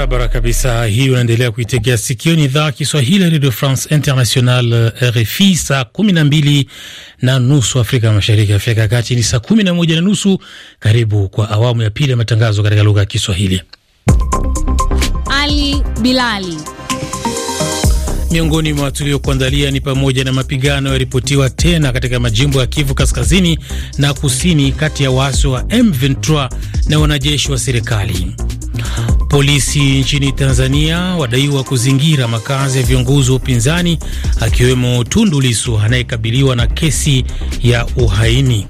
Barabara kabisa, hii unaendelea kuitegea sikio, ni idhaa Kiswahili ya Radio France International, RFI. Saa kumi na mbili na nusu Afrika Mashariki, Afrika ya Kati ni saa kumi na moja na nusu. Karibu kwa awamu ya pili ya matangazo katika lugha ya Kiswahili. Ali Bilali miongoni mwa tuliokuandalia ni pamoja na mapigano yaripotiwa tena katika majimbo ya Kivu Kaskazini na Kusini kati ya waasi wa M23 na wanajeshi wa serikali. Polisi nchini Tanzania wadaiwa kuzingira makazi ya viongozi wa upinzani akiwemo Tundu Lissu anayekabiliwa na kesi ya uhaini.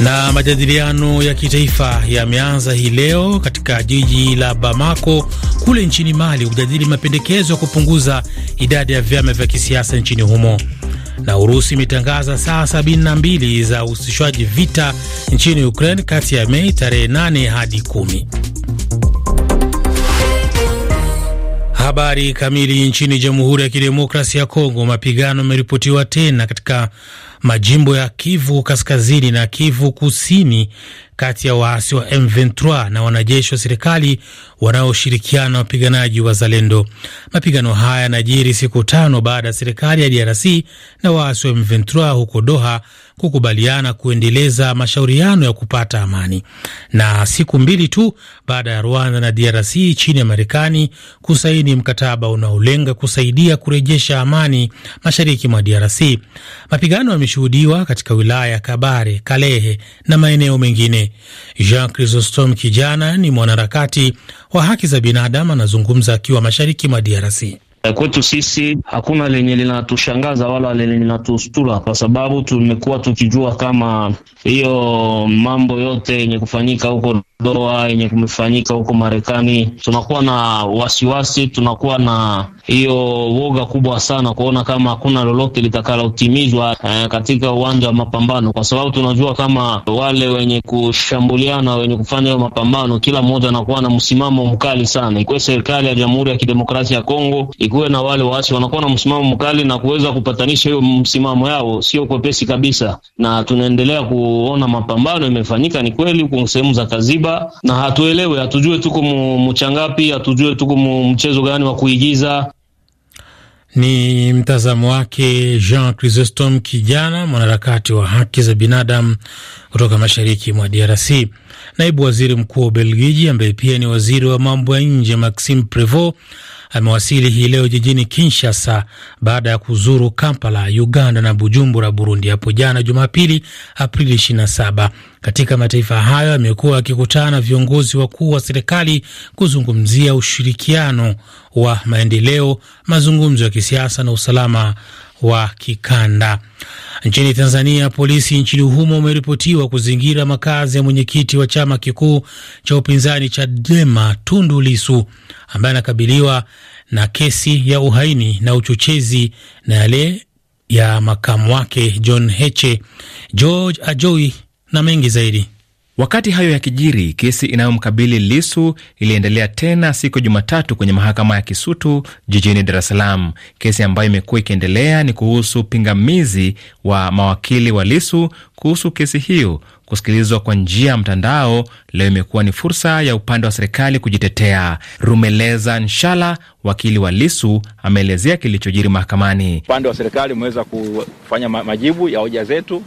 Na majadiliano ya kitaifa yameanza hii leo katika jiji la Bamako kule nchini Mali kujadili mapendekezo ya kupunguza idadi ya vyama vya kisiasa nchini humo. Na Urusi imetangaza saa 72 za usitishwaji vita nchini Ukraine kati ya Mei tarehe 8 hadi 10. Habari kamili. Nchini Jamhuri ya Kidemokrasia ya Kongo, mapigano yameripotiwa tena katika majimbo ya Kivu Kaskazini na Kivu Kusini, kati ya waasi wa M23 na wanajeshi wa serikali wanaoshirikiana na wapiganaji wa Zalendo. Mapigano haya yanajiri siku tano baada ya serikali ya DRC na waasi wa M23 huko Doha kukubaliana kuendeleza mashauriano ya kupata amani. Na siku mbili tu baada ya Rwanda na DRC chini ya Marekani kusaini mkataba unaolenga kusaidia kurejesha amani mashariki mwa DRC, mapigano yameshuhudiwa katika wilaya ya Kabare, Kalehe na maeneo mengine. Jean Chrysostom Kijana ni mwanaharakati wa haki za binadamu, anazungumza akiwa mashariki mwa DRC. Eh, kwetu sisi hakuna lenye linatushangaza wala lenye linatustura, kwa sababu tumekuwa tukijua kama hiyo mambo yote yenye kufanyika huko doa yenye kumefanyika huko Marekani, tunakuwa na wasiwasi, tunakuwa na hiyo woga kubwa sana kuona kama hakuna lolote litakalotimizwa eh, katika uwanja wa mapambano, kwa sababu tunajua kama wale wenye kushambuliana, wenye kufanya hiyo mapambano, kila mmoja anakuwa na msimamo mkali sana. Ikuwe serikali ya Jamhuri ya Kidemokrasia ya Kongo, ikuwe na wale waasi, wanakuwa na msimamo mkali na kuweza kupatanisha hiyo msimamo yao sio kwepesi kabisa, na tunaendelea kuona mapambano imefanyika, ni kweli, huko sehemu za Kazibu akiba na hatuelewe, hatujue tuko mchangapi, hatujue tuko mchezo gani wa kuigiza. Ni mtazamo wake Jean Chrysostome, Kijana, mwanaharakati wa haki za binadamu kutoka mashariki mwa DRC. Naibu waziri mkuu wa Ubelgiji ambaye pia ni waziri wa mambo ya nje Maxime Prevot amewasili hii leo jijini Kinshasa baada ya kuzuru Kampala, Uganda na Bujumbura, Burundi hapo jana Jumapili, Aprili 27. Katika mataifa hayo amekuwa akikutana na viongozi wakuu wa serikali kuzungumzia ushirikiano wa maendeleo, mazungumzo ya kisiasa na usalama wa kikanda. Nchini Tanzania, polisi nchini humo wameripotiwa kuzingira makazi ya mwenyekiti wa chama kikuu cha upinzani Chadema Tundu Lisu ambaye anakabiliwa na kesi ya uhaini na uchochezi na yale ya makamu wake John Heche, George Ajoi na mengi zaidi. Wakati hayo yakijiri, kesi inayomkabili Lisu iliendelea tena siku ya Jumatatu kwenye mahakama ya Kisutu jijini Dar es Salaam. Kesi ambayo imekuwa ikiendelea ni kuhusu pingamizi wa mawakili wa Lisu kuhusu kesi hiyo kusikilizwa kwa njia ya mtandao. Leo imekuwa ni fursa ya upande wa serikali kujitetea. Rumeleza Nshala, wakili wa Lisu, ameelezea kilichojiri mahakamani. Upande wa serikali umeweza kufanya majibu ya hoja zetu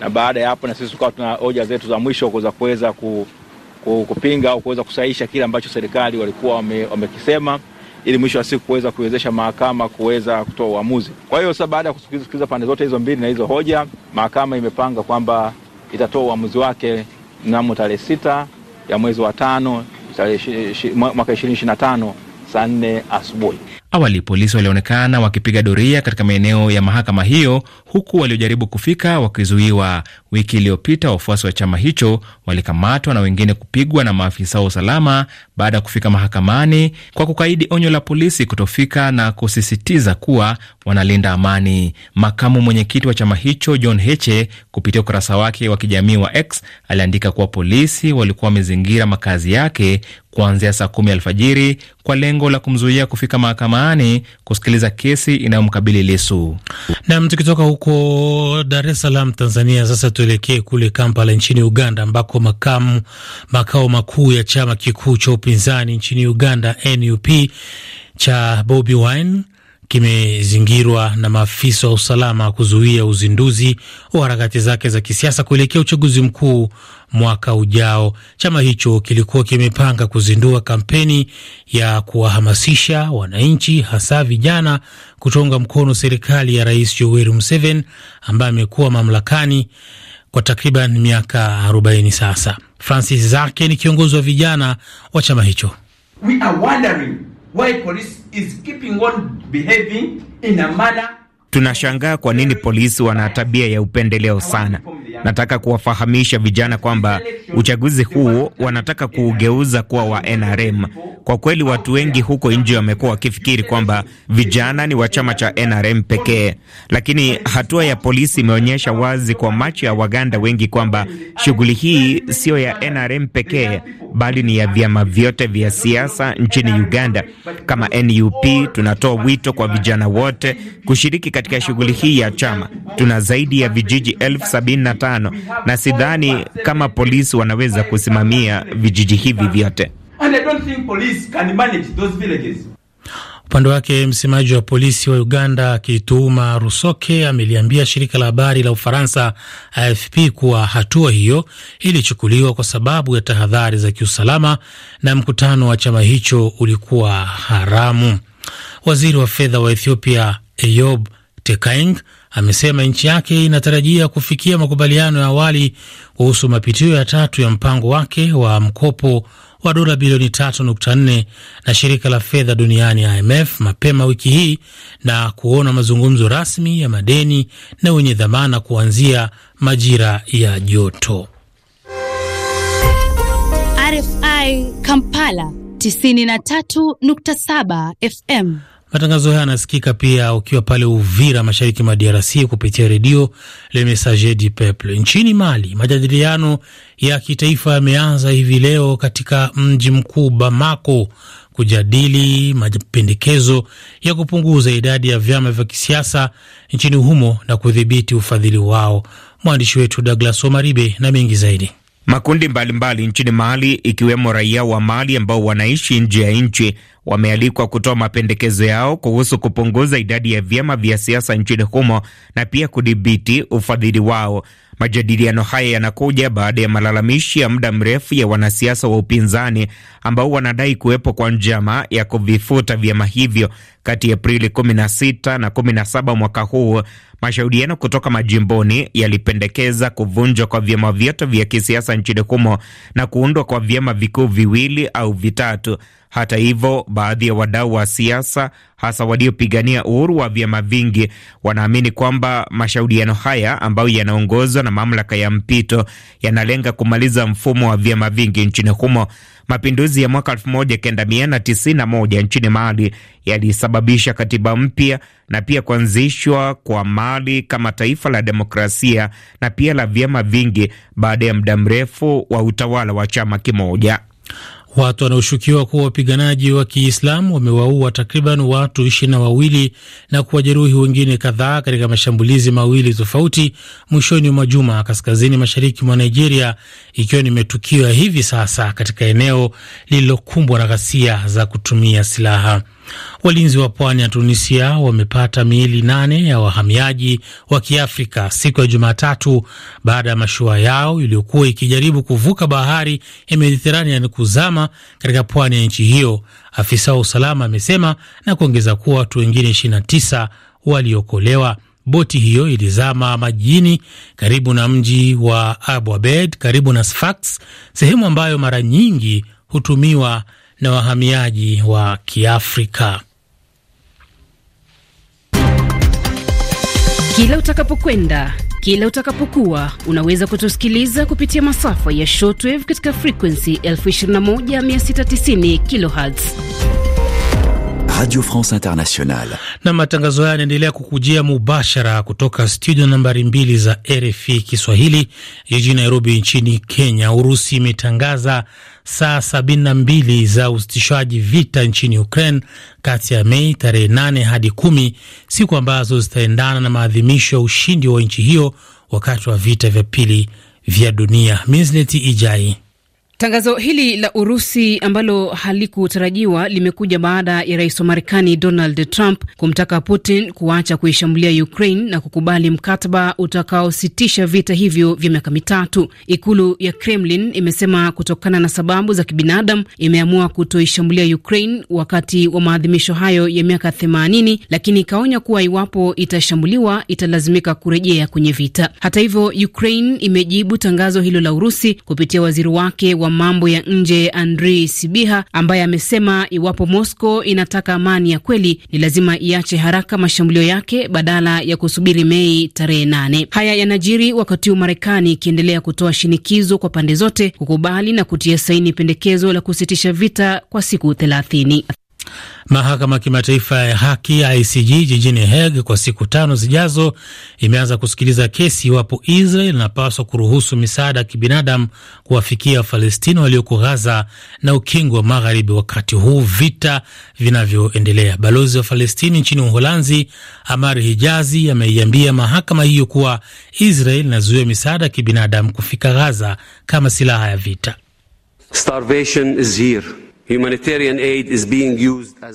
na baada ya hapo na sisi tukawa tuna hoja zetu za mwisho kuweza kuweza ku, ku, kupinga au kuweza kusaisha kile ambacho serikali walikuwa wamekisema wame ili mwisho wa siku kuweza kuwezesha mahakama kuweza kutoa uamuzi. Kwa hiyo sasa, baada ya kusikiliza pande zote hizo mbili na hizo hoja, mahakama imepanga kwamba itatoa uamuzi wake mnamo tarehe sita ya mwezi wa tano mwaka 2025 saa nne asubuhi. Awali polisi walionekana wakipiga doria katika maeneo ya mahakama hiyo, huku waliojaribu kufika wakizuiwa. Wiki iliyopita wafuasi wa chama hicho walikamatwa na wengine kupigwa na maafisa wa usalama baada ya kufika mahakamani kwa kukaidi onyo la polisi kutofika na kusisitiza kuwa wanalinda amani. Makamu mwenyekiti wa chama hicho John Heche kupitia ukurasa wake wa kijamii wa X aliandika kuwa polisi walikuwa wamezingira makazi yake kuanzia saa kumi alfajiri kwa lengo la kumzuia kufika mahakamani kusikiliza kesi inayomkabili Lisu. Nam, tukitoka huko Dar es Salaam, Tanzania sasa tu tuelekee kule Kampala nchini Uganda, ambako makamu makao makuu ya chama kikuu cha upinzani nchini Uganda NUP cha Bobi Wine kimezingirwa na maafisa wa usalama kuzuia uzinduzi wa harakati zake za kisiasa kuelekea uchaguzi mkuu mwaka ujao. Chama hicho kilikuwa kimepanga kuzindua kampeni ya kuwahamasisha wananchi, hasa vijana, kutounga mkono serikali ya Rais Yoweri Museveni ambaye amekuwa mamlakani kwa takriban miaka 40 sasa. Francis Zake ni kiongozi wa vijana wa chama hicho. We are wondering why police is keeping on behaving in a manner Tunashangaa kwa nini polisi wana tabia ya upendeleo sana. Nataka kuwafahamisha vijana kwamba uchaguzi huu wanataka kuugeuza kuwa wa NRM. Kwa kweli, watu wengi huko nje wamekuwa wakifikiri kwamba vijana ni wa chama cha NRM pekee, lakini hatua ya polisi imeonyesha wazi kwa macho ya Waganda wengi kwamba shughuli hii siyo ya NRM pekee, bali ni ya vyama vyote vya siasa nchini Uganda. Kama NUP tunatoa wito kwa vijana wote kushiriki katika shughuli hii ya chama. Tuna zaidi ya vijiji elfu sabini na tano na sidhani kama polisi wanaweza kusimamia vijiji hivi vyote. Upande wake msemaji wa polisi wa Uganda akituuma Rusoke ameliambia shirika la habari la Ufaransa AFP kuwa hatua hiyo ilichukuliwa kwa sababu ya tahadhari za kiusalama na mkutano wa chama hicho ulikuwa haramu. Waziri wa fedha wa Ethiopia Eyob Tekaing amesema nchi yake inatarajia kufikia makubaliano ya awali kuhusu mapitio ya tatu ya mpango wake wa mkopo wa dola bilioni 3.4 na shirika la fedha duniani IMF mapema wiki hii na kuona mazungumzo rasmi ya madeni na wenye dhamana kuanzia majira ya joto. RFI Kampala 93.7 FM. Matangazo haya yanasikika pia ukiwa pale Uvira, mashariki mwa DRC, kupitia redio Le Messager du Peuple. Nchini Mali, majadiliano ya kitaifa yameanza hivi leo katika mji mkuu Bamako kujadili mapendekezo ya kupunguza idadi ya vyama vya kisiasa nchini humo na kudhibiti ufadhili wao. Mwandishi wetu Douglas Omaribe na mengi zaidi. Makundi mbalimbali mbali nchini Mali ikiwemo raia wa Mali ambao wanaishi nje ya nchi wamealikwa kutoa mapendekezo yao kuhusu kupunguza idadi ya vyama vya siasa nchini humo na pia kudhibiti ufadhili wao. Majadiliano haya yanakuja baada ya malalamishi ya muda mrefu ya wanasiasa wa upinzani ambao wanadai kuwepo kwa njama ya kuvifuta vyama hivyo. Kati ya Aprili 16 na 17 mwaka huu, mashauriano kutoka majimboni yalipendekeza kuvunjwa kwa vyama vyote vya kisiasa nchini humo na kuundwa kwa vyama vikuu viwili au vitatu. Hata hivyo, baadhi ya wadau wa siasa hasa waliopigania uhuru wa vyama vingi wanaamini kwamba mashauriano haya ambayo yanaongozwa na mamlaka ya mpito yanalenga kumaliza mfumo wa vyama vingi nchini humo. Mapinduzi ya mwaka 1991 nchini Mali yalisababisha katiba mpya na pia kuanzishwa kwa Mali kama taifa la demokrasia na pia la vyama vingi baada ya muda mrefu wa utawala wa chama kimoja. Watu wanaoshukiwa kuwa wapiganaji wa Kiislamu wamewaua takriban watu ishirini na wawili na kuwajeruhi wengine kadhaa katika mashambulizi mawili tofauti mwishoni mwa juma kaskazini mashariki mwa Nigeria, ikiwa ni matukio ya hivi sasa katika eneo lililokumbwa na ghasia za kutumia silaha. Walinzi wa pwani ya Tunisia wamepata miili nane ya wahamiaji wa Kiafrika siku ya Jumatatu baada ya mashua yao iliyokuwa ikijaribu kuvuka bahari ya Mediterranean kuzama katika pwani ya nchi hiyo, afisa wa usalama amesema, na kuongeza kuwa watu wengine 29 waliokolewa. Boti hiyo ilizama majini karibu na mji wa Abu Abed karibu na Sfax, sehemu ambayo mara nyingi hutumiwa na wahamiaji wa Kiafrika. Kila utakapokwenda kila utakapokuwa unaweza kutusikiliza kupitia masafa ya shortwave katika frequency 21690 kilohertz Radio France Internationale. Na matangazo haya yanaendelea kukujia mubashara kutoka studio nambari mbili za RFI Kiswahili jijini Nairobi nchini Kenya. Urusi imetangaza saa mbili za usitishwaji vita nchini Ukraine kati ya Mei tarehe 8 hadi kumi, siku ambazo zitaendana na maadhimisho ya ushindi wa nchi hiyo wakati wa vita vya pili vya dunia. Minsleti Ijai. Tangazo hili la Urusi ambalo halikutarajiwa limekuja baada ya rais wa Marekani Donald Trump kumtaka Putin kuacha kuishambulia Ukraine na kukubali mkataba utakaositisha vita hivyo vya miaka mitatu. Ikulu ya Kremlin imesema kutokana na sababu za kibinadamu imeamua kutoishambulia Ukraine wakati wa maadhimisho hayo ya miaka 80, lakini ikaonya kuwa iwapo itashambuliwa italazimika kurejea kwenye vita. Hata hivyo, Ukraine imejibu tangazo hilo la Urusi kupitia waziri wake wa wa mambo ya nje Andrii Sibiha, ambaye amesema iwapo Moscow inataka amani ya kweli ni lazima iache haraka mashambulio yake badala ya kusubiri Mei tarehe nane. Haya yanajiri wakati huu Marekani ikiendelea kutoa shinikizo kwa pande zote kukubali na kutia saini pendekezo la kusitisha vita kwa siku thelathini. Mahakama ya kimataifa ya haki ICJ jijini Hague kwa siku tano zijazo imeanza kusikiliza kesi iwapo Israel inapaswa kuruhusu misaada ya kibinadamu kuwafikia Wafalestina walioko Ghaza na ukingo wa Magharibi wakati huu vita vinavyoendelea. Balozi wa Falestini nchini Uholanzi, Amar Hijazi, ameiambia mahakama hiyo kuwa Israel inazuia misaada ya kibinadamu kufika Ghaza kama silaha ya vita. Starvation is here.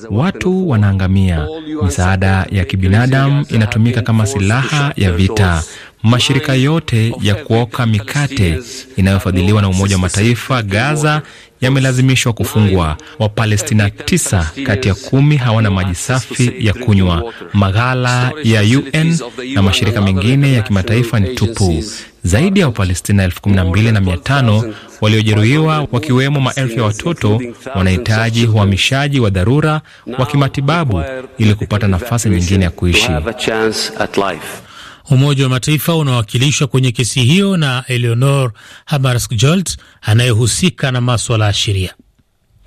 Watu wanaangamia, misaada ya kibinadamu inatumika kama silaha ya vita. Mashirika yote ya kuoka mikate inayofadhiliwa na Umoja wa Mataifa Gaza yamelazimishwa kufungwa. Wapalestina tisa kati ya kumi hawana maji safi ya kunywa. Maghala ya UN na mashirika mengine ya kimataifa ni tupu. Zaidi ya Wapalestina elfu kumi na mbili na mia tano waliojeruhiwa wakiwemo maelfu ya watoto wanahitaji uhamishaji wa dharura wa kimatibabu ili kupata nafasi nyingine ya kuishi. Umoja wa Mataifa unawakilishwa kwenye kesi hiyo na Eleonor Hamarskjold anayehusika na maswala ya sheria.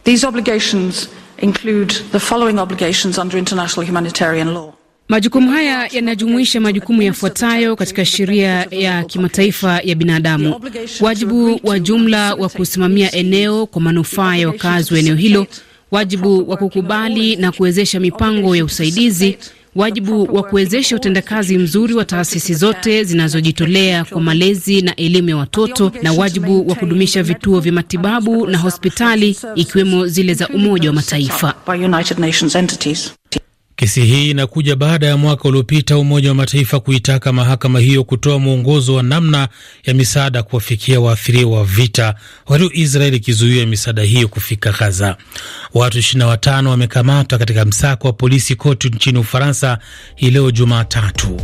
These obligations include the following obligations under international humanitarian law. Majukumu haya yanajumuisha majukumu yafuatayo katika sheria ya kimataifa ya binadamu: wajibu wa jumla wa kusimamia eneo kwa manufaa ya wakazi wa eneo hilo, wajibu wa kukubali na kuwezesha mipango ya usaidizi, wajibu wa kuwezesha utendakazi mzuri wa taasisi zote zinazojitolea kwa malezi na elimu ya watoto, na wajibu wa kudumisha vituo vya matibabu na hospitali, ikiwemo zile za Umoja wa Mataifa. Kesi hii inakuja baada ya mwaka uliopita Umoja wa Mataifa kuitaka mahakama hiyo kutoa mwongozo wa namna ya misaada kuwafikia waathiriwa wa vita, wakati Israeli ikizuia misaada hiyo kufika Gaza. Watu 25 wamekamatwa katika msako wa polisi kote nchini Ufaransa hii leo Jumatatu.